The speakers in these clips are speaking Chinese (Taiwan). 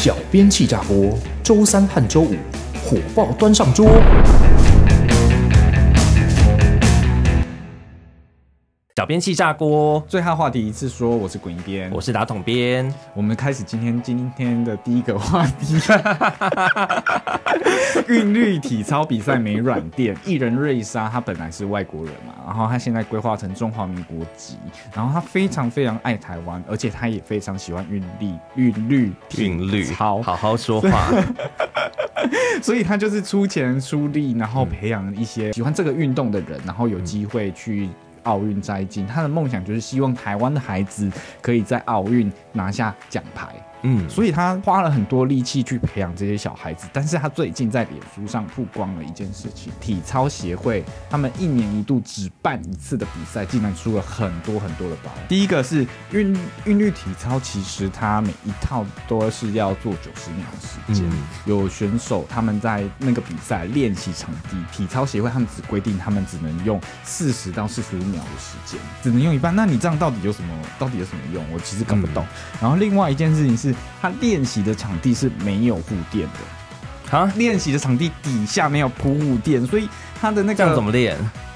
小編氣炸鍋，週三和週五火爆端上桌。小編氣炸鍋，最好話題是是一次說。我是滾一編，我是打統編。我們開始今天今天的第一個話題： 韻 律體操比賽沒軟墊。藝 人瑞莎，她本來是外國人嘛，然後她現在規劃成中華民國籍，然後她非常非常愛台灣，而且她也非常喜歡韻律韻律韻律好好說話。所以她 就是出錢出力，然後培養一些喜歡這個運動的人，然後有機會去。奧運摘金，他的夢想就是希望台灣的孩子可以在奧運拿下獎牌。嗯，所以他花了很多力氣去培養這些小孩子，但是他最近在臉書上曝光了一件事情：體操協會他們一年一度只辦一次的比賽，竟然出了很多很多的包。第一個是韻韻律體操，其實他每一套都是要做九十秒的時間，嗯，有選手他們在那個比賽練習場地，體操協會他們只規定他們只能用四十到四十五秒的時間，只能用一半。那你這樣到底有什麼？到底有什麼用？我其實搞不懂，嗯。然後另外一件事情是。他練習的場地是沒有護墊的，練習的場地底下沒有鋪護墊，所以他的那個這樣怎麼練？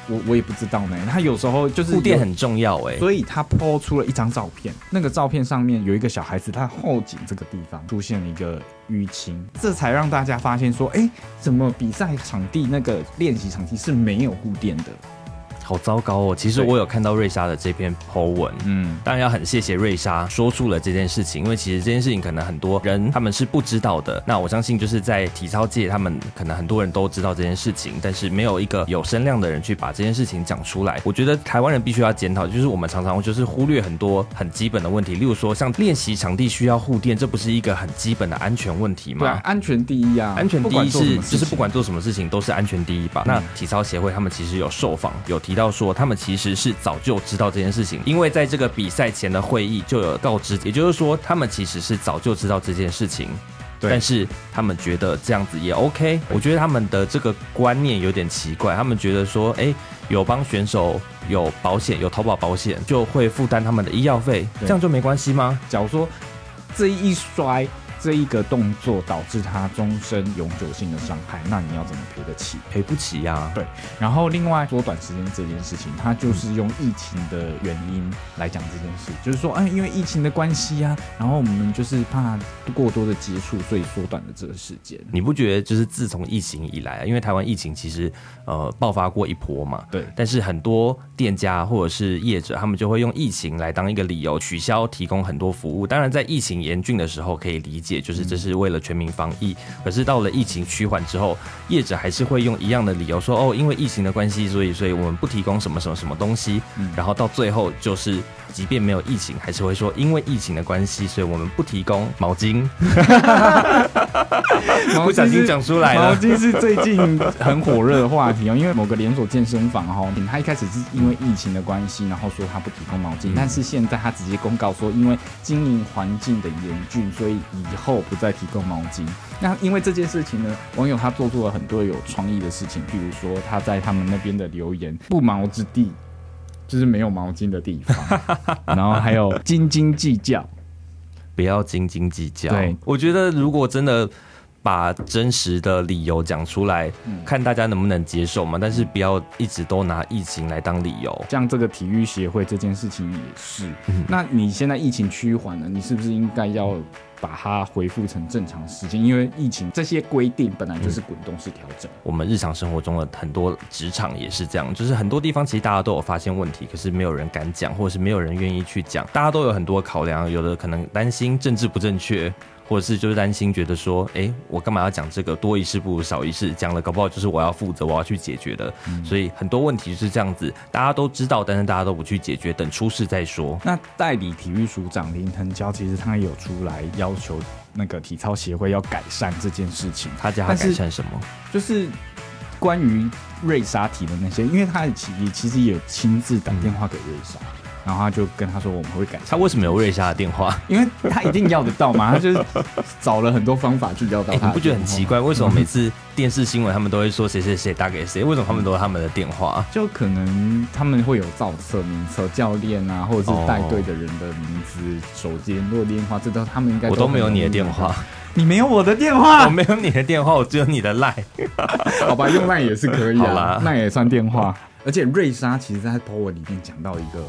我我也不知道呢。他有時候就是護墊很重要哎、欸，所以他拋出了一張照片，那個照片上面有一個小孩子，他後頸這個地方出現了一個淤青這才讓大家發現說，哎，怎麼比賽場地那個練習場地是沒有護墊的。好、哦、糟糕哦！其實我有看到瑞莎的這篇 Po 文，嗯，當然要很謝謝瑞莎說出了這件事情，因為其實這件事情可能很多人他們是不知道的。那我相信就是在體操界，他們可能很多人都知道這件事情，但是沒有一個有聲量的人去把這件事情講出來。我覺得台灣人必須要檢討，就是我們常常就是忽略很多很基本的問題，例如說像練習場地需要護墊，這不是一個很基本的安全問題嗎？對、啊，安全第一啊！安全第一是就是不管做什麼事情都是安全第一吧？那體操協會他們其實有受訪有提到。要說他們其實是早就知道這件事情，因為在這個比賽前的會議就有告知，也就是說他們其實是早就知道這件事情，對，但是他們覺得這樣子也 OK。我覺得他們的這個觀念有點奇怪，他們覺得說，哎、欸，有幫選手有保險，有投保保險就會負擔他們的醫藥費，這樣就沒關係嗎？假如說這一摔。這一個動作導致他終身永久性的傷害，那你要怎麼賠得起？賠不起呀、啊。對，然後另外縮短時間這件事情，它就是用疫情的原因來講這件事，嗯、就是說，哎，因為疫情的關係呀、啊，然後我們就是怕過多的接觸，所以縮短了這個時間。你不覺得就是自從疫情以來，因為台灣疫情其實呃爆發過一波嘛，對，但是很多店家或者是業者，他們就會用疫情來當一個理由，取消提供很多服務。當然，在疫情嚴峻的時候可以理解。也就是這是為了全民防疫，嗯、可是到了疫情趨緩之後，業者還是會用一樣的理由說哦，因為疫情的關係，所以所以我們不提供什麼什麼什麼東西、嗯。然後到最後就是，即便沒有疫情，還是會說因為疫情的關係，所以我們不提供毛巾。我不小心講出來了，毛巾是最近很火熱的話題哦。 因為某個連鎖健身房哦，他一開始是因為疫情的關係，然後說他不提供毛巾、嗯，但是現在他直接公告說，因為經營環境的嚴峻，所以以後。後不再提供毛巾。那因為這件事情呢，網友他做出了很多有創意的事情，譬如說他在他們那邊的留言“不毛之地”，就是沒有毛巾的地方， 然後還有斤斤計較，不要斤斤計較。對，我覺得如果真的。把真實的理由講出來，嗯，看大家能不能接受嘛。但是不要一直都拿疫情來當理由，像這個體育協會這件事情也是。嗯，那你現在疫情趨緩了，你是不是應該要把它恢復成正常時間？因為疫情這些規定本來就是滾動式調整，嗯。我們日常生活中的很多職場也是這樣，就是很多地方其實大家都有發現問題，可是沒有人敢講，或者是沒有人願意去講，大家都有很多考量，有的可能擔心政治不正確。或者是就是擔心，覺得說，哎、欸，我幹嘛要講這個？多一事不如少一事，講了，搞不好就是我要負責，我要去解決的、嗯。所以很多問題就是這樣子，大家都知道，但是大家都不去解決，等出事再說。那代理體育署長林騰蛟，其實他也有出來要求那個體操協會要改善這件事情。他叫他改善什麼？就是關於瑞莎提的那些，因為他其實其實也親自打電話給瑞莎。嗯然後他就跟他說：“我們會改。”他為什麼有瑞莎的電話？因為他一定要得到嘛。 他就是找了很多方法去要到他、欸。你不覺得很奇怪？為什麼每次電視新聞他們都會說誰誰誰打給誰？ 為什麼他們都是他們的電話？就可能他們會有造冊名冊，教練啊，或者是帶隊的人的名字、手機、聯絡電話，這都他們應該。我都沒有你的電話， 你沒有我的電話， 我沒有你的電話，我只有你的賴。 好吧，用賴也是可以的、啊，賴也算電話。 而且瑞莎其實在 PO 文裡面講到一個。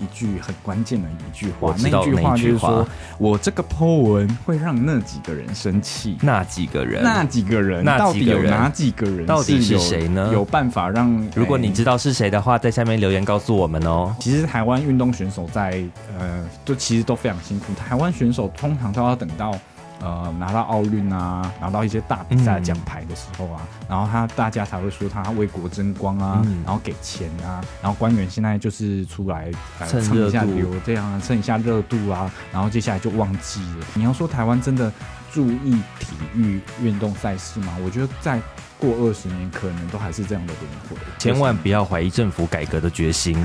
一句很關鍵的一句話，那句話就是說，我這個 Po 文會讓那幾個人生氣。那幾個人？那幾個人？那幾個人？到底有哪幾個人？到底是誰呢？有辦法讓？如果你知道是誰的話，在下面留言告訴我們哦。其實台灣運動選手在呃，都其實都非常辛苦。台灣選手通常都要等到。呃，拿到奧運啊，拿到一些大比賽獎牌的時候啊，嗯、然後他大家才會說他為國爭光啊、嗯，然後給錢啊，然後官員現在就是出來蹭一下流，這樣蹭一下熱度啊，然後接下來就忘記了。你要說台灣真的注意體育運動賽事嗎？我覺得再過二十年，可能都還是這樣的輪回。千萬不要懷疑政府改革的決心。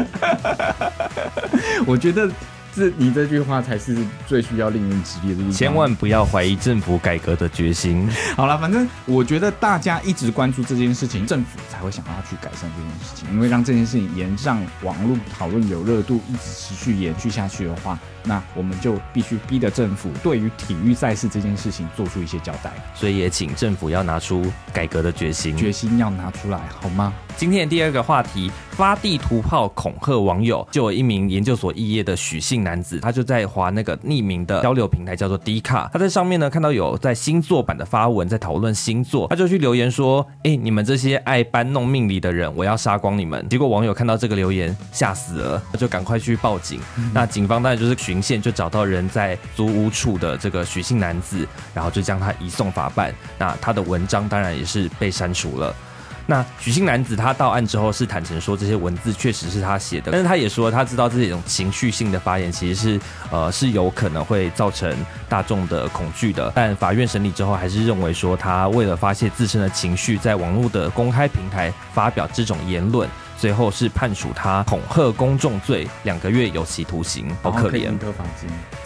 我覺得。這你這句話才是最需要令人激勵的一句話，千萬不要懷疑政府改革的決心。 好了，反正我覺得大家一直關注這件事情，政府才會想要去改善這件事情。因為讓這件事情延上網絡討論有熱度，一直持續延續下去的話，那我們就必須逼着政府對於體育賽事這件事情做出一些交代。所以也請政府要拿出改革的決心，決心要拿出來好嗎？今天的第二個話題：發地圖炮恐嚇網友，就有一名研究所肄業的許姓。男子他就在滑那個匿名的交流平台叫做 D 卡，他在上面呢看到有在星座版的發文在討論星座，他就去留言說：“哎、欸，你們這些愛搬弄命理的人，我要殺光你們！”結果網友看到這個留言嚇死了，他就趕快去報警。那警方當然就是循線就找到人在租屋處的這個許姓男子，然後就將他移送法辦。那他的文章當然也是被刪除了。那許姓男子他到案之後是坦誠說，這些文字確實是他寫的，但是他也說他知道自己這種情緒性的發言其實是呃是有可能會造成大眾的恐懼的，但法院審理之後還是認為說他為了發洩自身的情緒，在網絡的公開平台發表這種言論。最後是判處他恐嚇公眾罪，兩個月有期徒刑。好可憐。哦，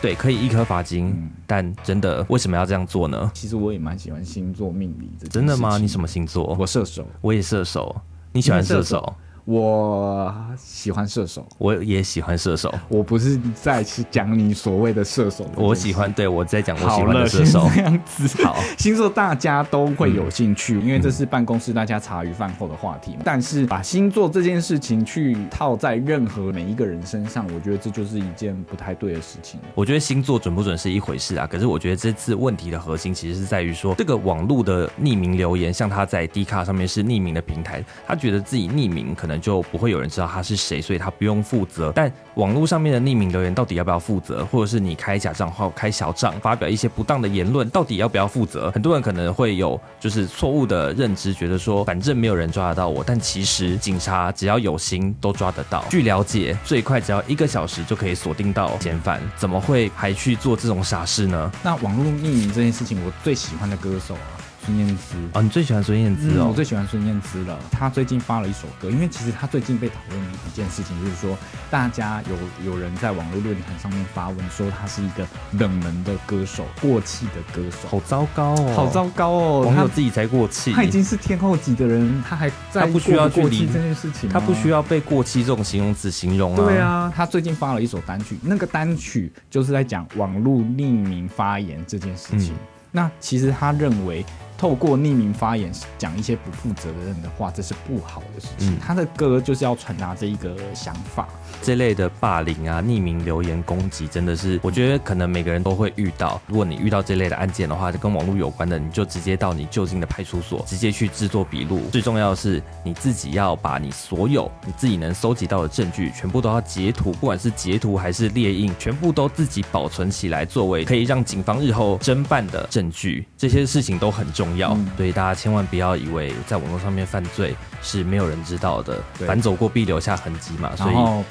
對，可以易科罰金，但真的為什麼要這樣做呢？其實我也蠻喜歡星座命理的。真的嗎？你什麼星座？我射手，我也射手。射手你喜歡射手？我喜歡射手，我也喜歡射手。我不是在講你所謂的射手的，我喜歡，對，我在講我喜歡的射手這樣子。好，星座大家都會有興趣、嗯，因為這是辦公室大家茶餘飯後的話題嘛、嗯。但是把星座這件事情去套在任何每一個人身上，我覺得這就是一件不太對的事情。我覺得星座準不準是一回事啊，可是我覺得這次問題的核心其實是在於說，這個網絡的匿名留言，像他在 D 卡上面是匿名的平台，他覺得自己匿名可能。就不會有人知道他是誰，所以他不用負責。但網絡上面的匿名留言到底要不要負責？或者是你開假賬號、開小賬發表一些不當的言論，到底要不要負責？很多人可能會有就是錯誤的認知，覺得說反正沒有人抓得到我，但其實警察只要有心都抓得到。據了解，最快只要一個小時就可以鎖定到嫌犯，怎麼會還去做這種傻事呢？那網絡匿名這件事情，我最喜歡的歌手啊。孫燕姿啊，你最喜歡孫燕姿、嗯、哦！我最喜歡孫燕姿了。她最近發了一首歌，因為其實她最近被討論一件事情，就是說大家有有人在網絡論壇上面發文說她是一個冷門的歌手、過氣的歌手，好糟糕哦，好糟糕哦！網友自己才過氣，她已經是天後級的人，她還在過不需要過氣這件事情，她不，不需要被過氣這種形容詞形容了、啊。對啊，她最近發了一首單曲，那個單曲就是在講網絡匿名發言這件事情。嗯、那其實他認為。透過匿名發言講一些不負責任的話，這是不好的事情。嗯、他的歌就是要傳達這一個想法。這類的霸凌啊、匿名留言攻擊，真的是我覺得可能每個人都會遇到。如果你遇到這類的案件的話，跟網絡有關的，你就直接到你就近的派出所，直接去制作筆錄。最重要的是，你自己要把你所有你自己能蒐集到的證據，全部都要截圖，不管是截圖還是列印，全部都自己保存起來，作為可以讓警方日後偵辦的證據。這些事情都很重要。重、嗯、要，所以大家千萬不要以為在網絡上面犯罪是沒有人知道的。對，凡走過必留下痕跡嘛，包括，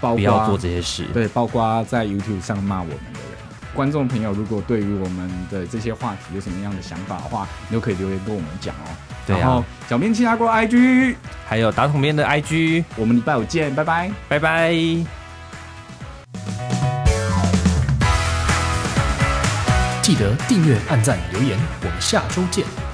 所以不要做這些事。對，包括在 YouTube 上罵我們的人，觀眾朋友，如果對於我們的這些話題有什麼樣的想法的話，你都可以留言跟我們講哦。對、啊、然後小編氣炸鍋 IG，還有打統編的 IG，我們禮拜五見，拜拜，拜拜。記得訂閱、按讚、留言，我們下周見。